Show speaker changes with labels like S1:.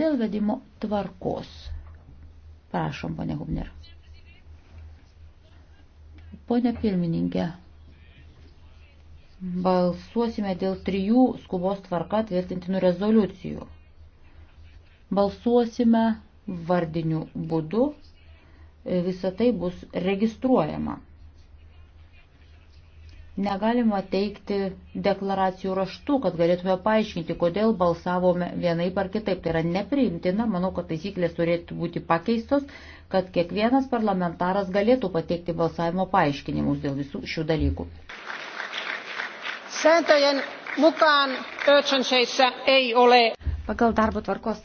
S1: Dėl vedimo tvarkos. Prašom, ponė Hubner. Pone pirmininkė, balsuosime dėl trijų skubos tvarka tvirtintinų rezoliucijų. Balsuosime vardiniu būdu, visa tai bus registruojama. Negalima teikti deklaracijų raštų, kad galėtume paaiškinti, kodėl balsavome vienai par kitaip. Tai yra nepriimtina, manau, kad taisyklės turėtų būti pakeistos, kad kiekvienas parlamentaras galėtų pateikti balsavimo paaiškinimus dėl visų šių dalykų.
S2: Sääntöjen mukaan ei ole.
S3: Pagal darbo tvarkos tai-